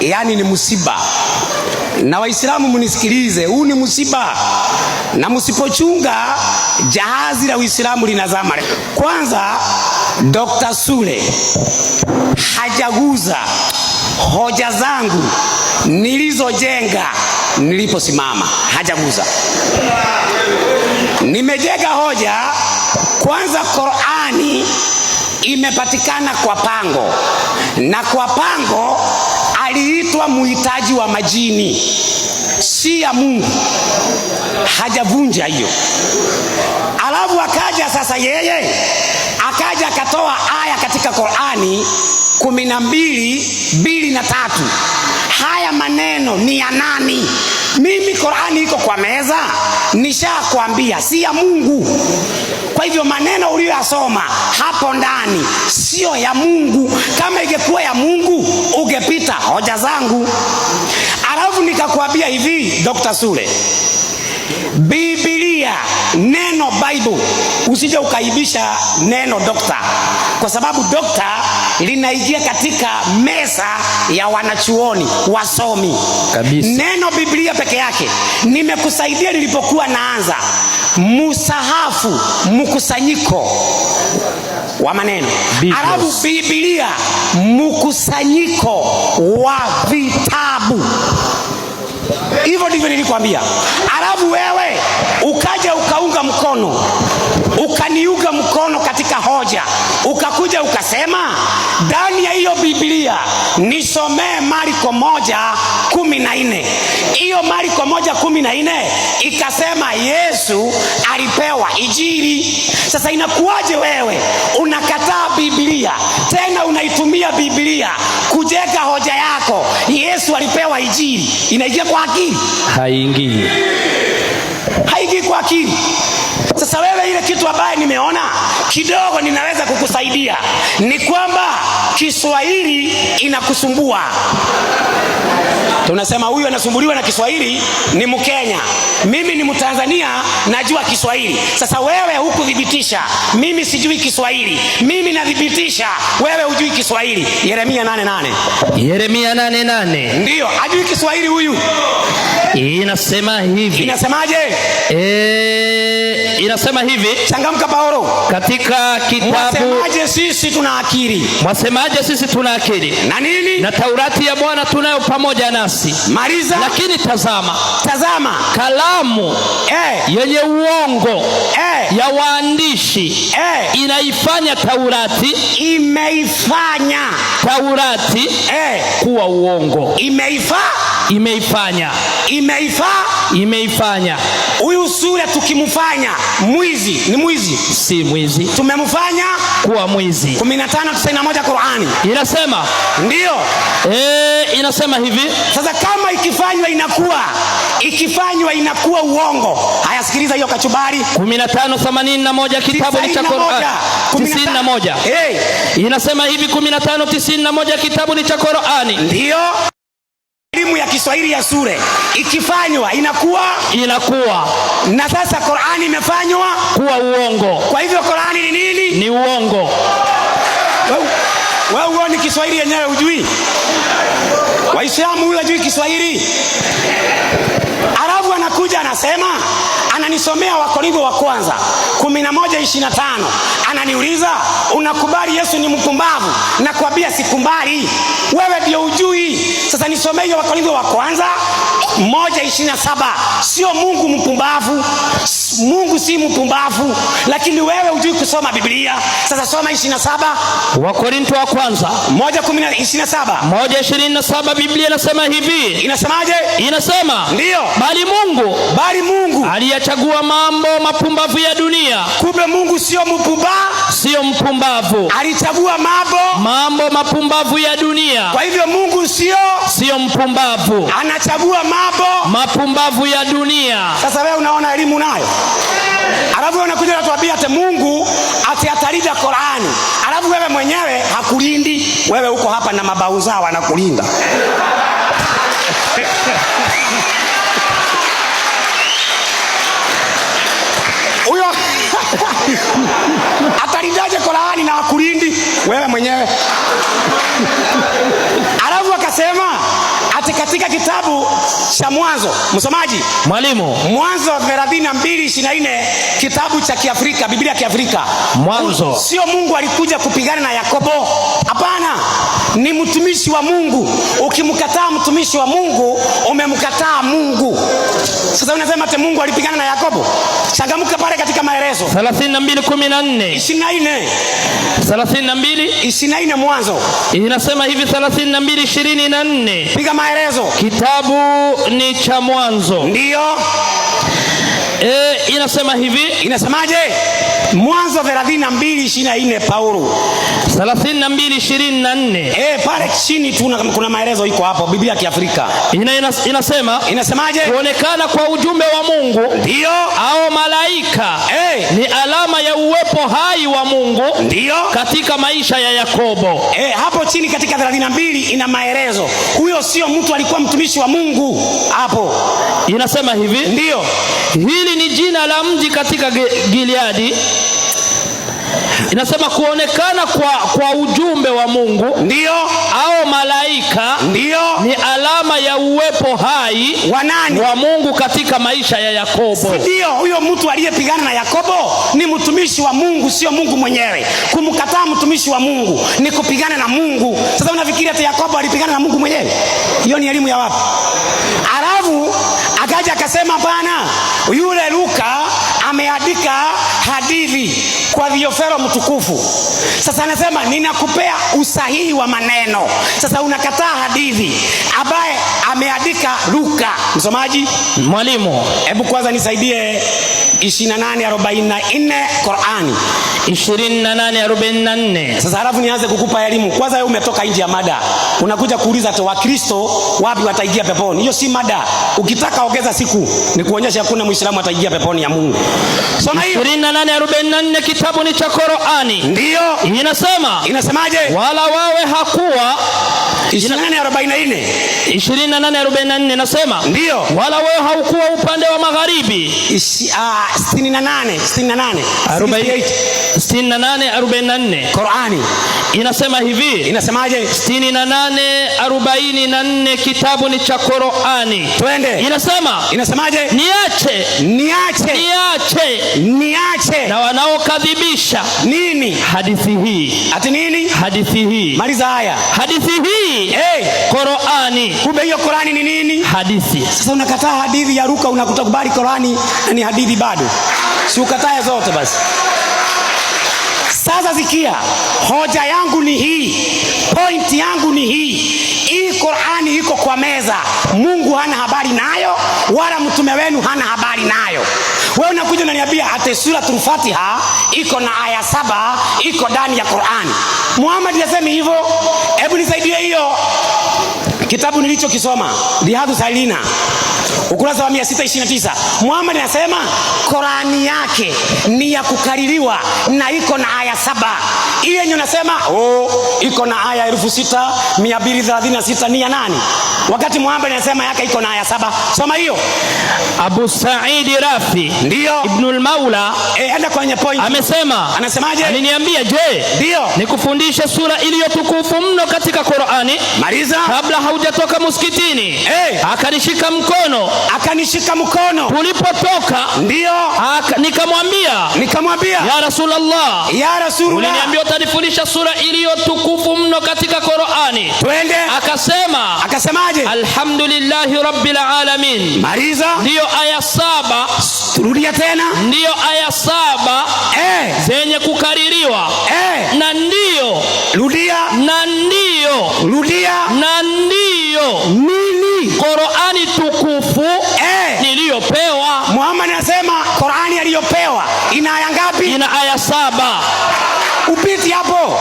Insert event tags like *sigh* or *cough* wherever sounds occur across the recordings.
yaani ni msiba. Na Waislamu mnisikilize, huu ni msiba, na msipochunga jahazi la Uislamu linazama. Kwanza, Dr. Sule hajaguza hoja zangu nilizojenga niliposimama, hajaguza. Nimejenga hoja kwanza, Qur'ani imepatikana kwa pango na kwa pango aliitwa muhitaji wa majini, si ya Mungu, hajavunja hiyo. Alafu akaja sasa yeye akaja akatoa aya katika Qurani kumi na mbili mbili na tatu. Haya maneno ni ya nani? Mimi Qurani iko kwa meza, nishakwambia si ya Mungu. Kwa hivyo maneno uliyoyasoma hapo ndani sio ya Mungu. Kama ingekuwa ya Mungu ungepita hoja zangu. Alafu nikakwambia hivi, Dr. Sule, Biblia neno Bible, usije ukaibisha neno dokta, kwa sababu dokta linaingia katika meza ya wanachuoni wasomi kabisa. Neno Biblia peke yake nimekusaidia nilipokuwa naanza musahafu, mkusanyiko wa maneno, alafu bibilia mkusanyiko wa vitabu. Hivyo ndivyo nilikwambia, alafu wewe ukaja ukaunga mkono ukaniuga mkono katika hoja, ukakuja ukasema ndani ya hiyo Biblia nisomee Marko moja kumi na nne. Hiyo Marko moja kumi na nne ikasema Yesu alipewa ijiri. Sasa inakuwaje wewe unakataa Biblia tena unaitumia Biblia kujenga hoja yako? Yesu alipewa ijiri, inaingia kwa akili? Haingii, haingii kwa akili. Sasa wewe, ile kitu ambaye nimeona kidogo ninaweza kukusaidia ni kwamba Kiswahili inakusumbua tunasema huyu anasumbuliwa na Kiswahili ni Mkenya, mimi ni Mtanzania, najua Kiswahili. Sasa wewe hukuthibitisha, mimi sijui Kiswahili, mimi nathibitisha, wewe hujui Kiswahili. Yeremia 8:8, Yeremia 8:8, Ndio, hajui Kiswahili huyu. Inasema hivi, inasemaje? E, inasema hivi, changamka Paulo, katika kitabu mwasemaje? Sisi tuna akili, mwasemaje? Sisi tuna akili na nini? Na Taurati ya Bwana tunayo pamoja nasi nafsi Mariza. Lakini tazama, tazama kalamu eh, yenye uongo eh, ya waandishi eh, inaifanya Taurati imeifanya Taurati eh, kuwa uongo imeifanya imeifanya imeifa imeifanya. Huyu sura tukimfanya mwizi ni mwizi, si mwizi, tumemfanya kuwa mwizi. 15:91 Qur'ani inasema ndio, eh, inasema hivi sasa. Kama ikifanywa inakuwa ikifanywa inakuwa uongo. Haya, sikiliza hiyo kachubari. 15:81 kitabu ni cha Qur'ani 91, eh, inasema hivi 15:91 kitabu ni cha Qur'ani ndio. Elimu ya Kiswahili ya sure ikifanywa inakuwa inakuwa, na sasa Qur'ani imefanywa kuwa uongo. Kwa hivyo Qur'ani ni nini? Ni uongo. Wewe huoni Kiswahili yenyewe, hujui? Waislamu huyu hajui Kiswahili, arabu anakuja anasema ananisomea Wakorintho wa kwanza 11:25 ananiuliza, unakubali Yesu ni mpumbavu? Nakwambia sikubali, wewe ndio ujui. Sasa nisomee hiyo Wakorintho wa kwanza 1:27 sio Mungu mpumbavu Mungu si mpumbavu, lakini wewe hujui kusoma Biblia. Sasa soma 27 Wakorintho wa kwanza 1:27 1:27, Biblia inasema hivi. Inasemaje? Inasema ndio, bali Mungu bali Mungu aliyachagua mambo mapumbavu ya dunia. Kumbe Mungu sio mpumba, sio mpumbavu, alichagua mambo mambo mapumbavu ya dunia. Kwa hivyo Mungu sio sio mpumbavu, anachagua mambo mapumbavu ya dunia. Sasa wewe unaona elimu nayo, alafu unakuja unatuambia ate Mungu ati Qurani, alafu wewe mwenyewe hakulindi. Wewe uko hapa na mabau zao anakulinda huyo *laughs* atalidaje Qurani na akulindi wewe mwenyewe? Alafu akasema katika kitabu cha Mwanzo, msomaji mwalimu, Mwanzo 32:24 kitabu cha Kiafrika, Biblia ya Kiafrika. Mwanzo sio Mungu alikuja kupigana na Yakobo, hapana ni mtumishi wa Mungu. Ukimkataa mtumishi wa Mungu umemkataa Mungu. Sasa unasema ati Mungu alipigana na Yakobo? Changamka pale katika maelezo 32:14 24 32 Mwanzo inasema hivi 32:24. Piga maelezo, kitabu ni cha Mwanzo, ndio Eh, inasema hivi, inasemaje? Mwanzo 32:24 Paulo 32:24. Eh, pale chini tu kuna maelezo iko hapo Biblia ya Kiafrika. Ina, Inasema inasemaje? Kuonekana kwa ujumbe wa Mungu ndio au malaika eh, ni alama ya uwepo hai wa Mungu ndio katika maisha ya Yakobo. Eh, hapo chini katika 32 ina maelezo. Huyo sio mtu alikuwa mtumishi wa Mungu hapo. Inasema hivi. Ndio. Hili ni jina la mji katika Gileadi inasema kuonekana kwa, kwa ujumbe wa Mungu ndio au malaika ndio ni alama ya uwepo hai wa nani? Wa Mungu katika maisha ya Yakobo. Ndio huyo mtu aliyepigana na Yakobo ni mtumishi wa Mungu, sio Mungu mwenyewe. Kumkataa mtumishi wa Mungu ni kupigana na Mungu. Sasa unafikiri hata Yakobo alipigana na Mungu mwenyewe? Hiyo ni elimu ya wapi? Alafu akaja akasema, bana, yule Luka ameandika hadithi kwa Theofilo mtukufu. Sasa anasema ninakupea usahihi wa maneno. Sasa unakataa hadithi ambaye ameandika Luka. Msomaji, mwalimu, hebu kwanza nisaidie 28:44 Qur'ani 28:44. Sasa halafu nianze kukupa elimu. Kwanza wewe umetoka nje ya mada unakuja kuuliza tu Wakristo wapi wataingia peponi. Hiyo si mada. Ukitaka ongeza siku ni kuonyesha hakuna Muislamu ataingia peponi ya Mungu. Soma hiyo 28:44 kitabu ni cha Qur'ani. Ndio. Inasema. Inasemaje? Wala wawe hakuwa 28:44 28:44 nasema ndio, wala wewe haukuwa upande wa magharibi. 68 68 68 44 Qur'ani inasema hivi, inasemaje? 68 44 kitabu ni cha Qur'ani, twende, inasema inasemaje? Niache niache niache niache na wanaokadhibisha nini hadithi hii, ati nini hadithi hii, maliza haya hadithi hii Qurani. Hey. Qurani. Kumbe hiyo Qurani ni nini? Hadithi. Sasa unakataa hadithi ya ruka unakutakubali Qurani na ni hadithi bado. Si ukatae zote basi. Sasa sikia, hoja yangu ni hii, point yangu ni hii. Hii Qurani iko kwa meza, Mungu hana habari nayo, wala mtume wenu hana habari nayo. Wewe unakuja unaniambia ate Suratul Fatiha iko na aya saba, iko ndani ya Qurani. Muhammad yasemi hivyo, kitabu nilichokisoma Riyadhu Salina ukurasa wa 629 Muhammad anasema Korani yake ni ya kukaririwa na iko na aya saba. Ile yenye unasema oh, iko na aya elfu sita mia mbili thelathini na sita ni ya nani? wakati mwamba inasema yake iko na aya saba. Soma hiyo. Abu Saidi Rafi ndio Ibnul Maula e, enda kwenye point. Amesema, anasemaje? Aliniambia, je, ndio nikufundishe sura iliyotukufu mno katika Qur'ani? Maliza. Kabla haujatoka msikitini e, akanishika mkono, akanishika mkono tulipotoka, ndio nikamwambia, nikamwambia ya Rasulullah, ya Rasulullah, uliniambia utanifundisha sura iliyotukufu mno katika Qur'ani, twende. Akasema, akasema Unasemaje? Alhamdulillahi rabbil alamin. Maliza. Ndiyo aya saba. Turudia tena. Ndiyo aya saba eh, zenye kukaririwa eh, na ndiyo. Rudia. Na ndiyo. Rudia. Na ndiyo nini? Qur'ani tukufu eh, niliyopewa. Muhammad anasema Qur'ani aliyopewa ina aya ngapi? Ina aya saba. Upiti hapo,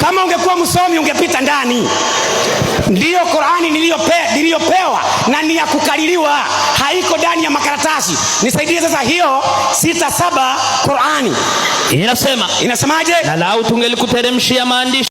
kama ungekuwa msomi ungepita ndani ndiyo Qurani niliyopewa na ni ya kukaririwa, haiko ndani ya makaratasi. Nisaidie sasa hiyo sita saba Qurani inasema inasemaje? Na lau tungelikuteremshia maandishi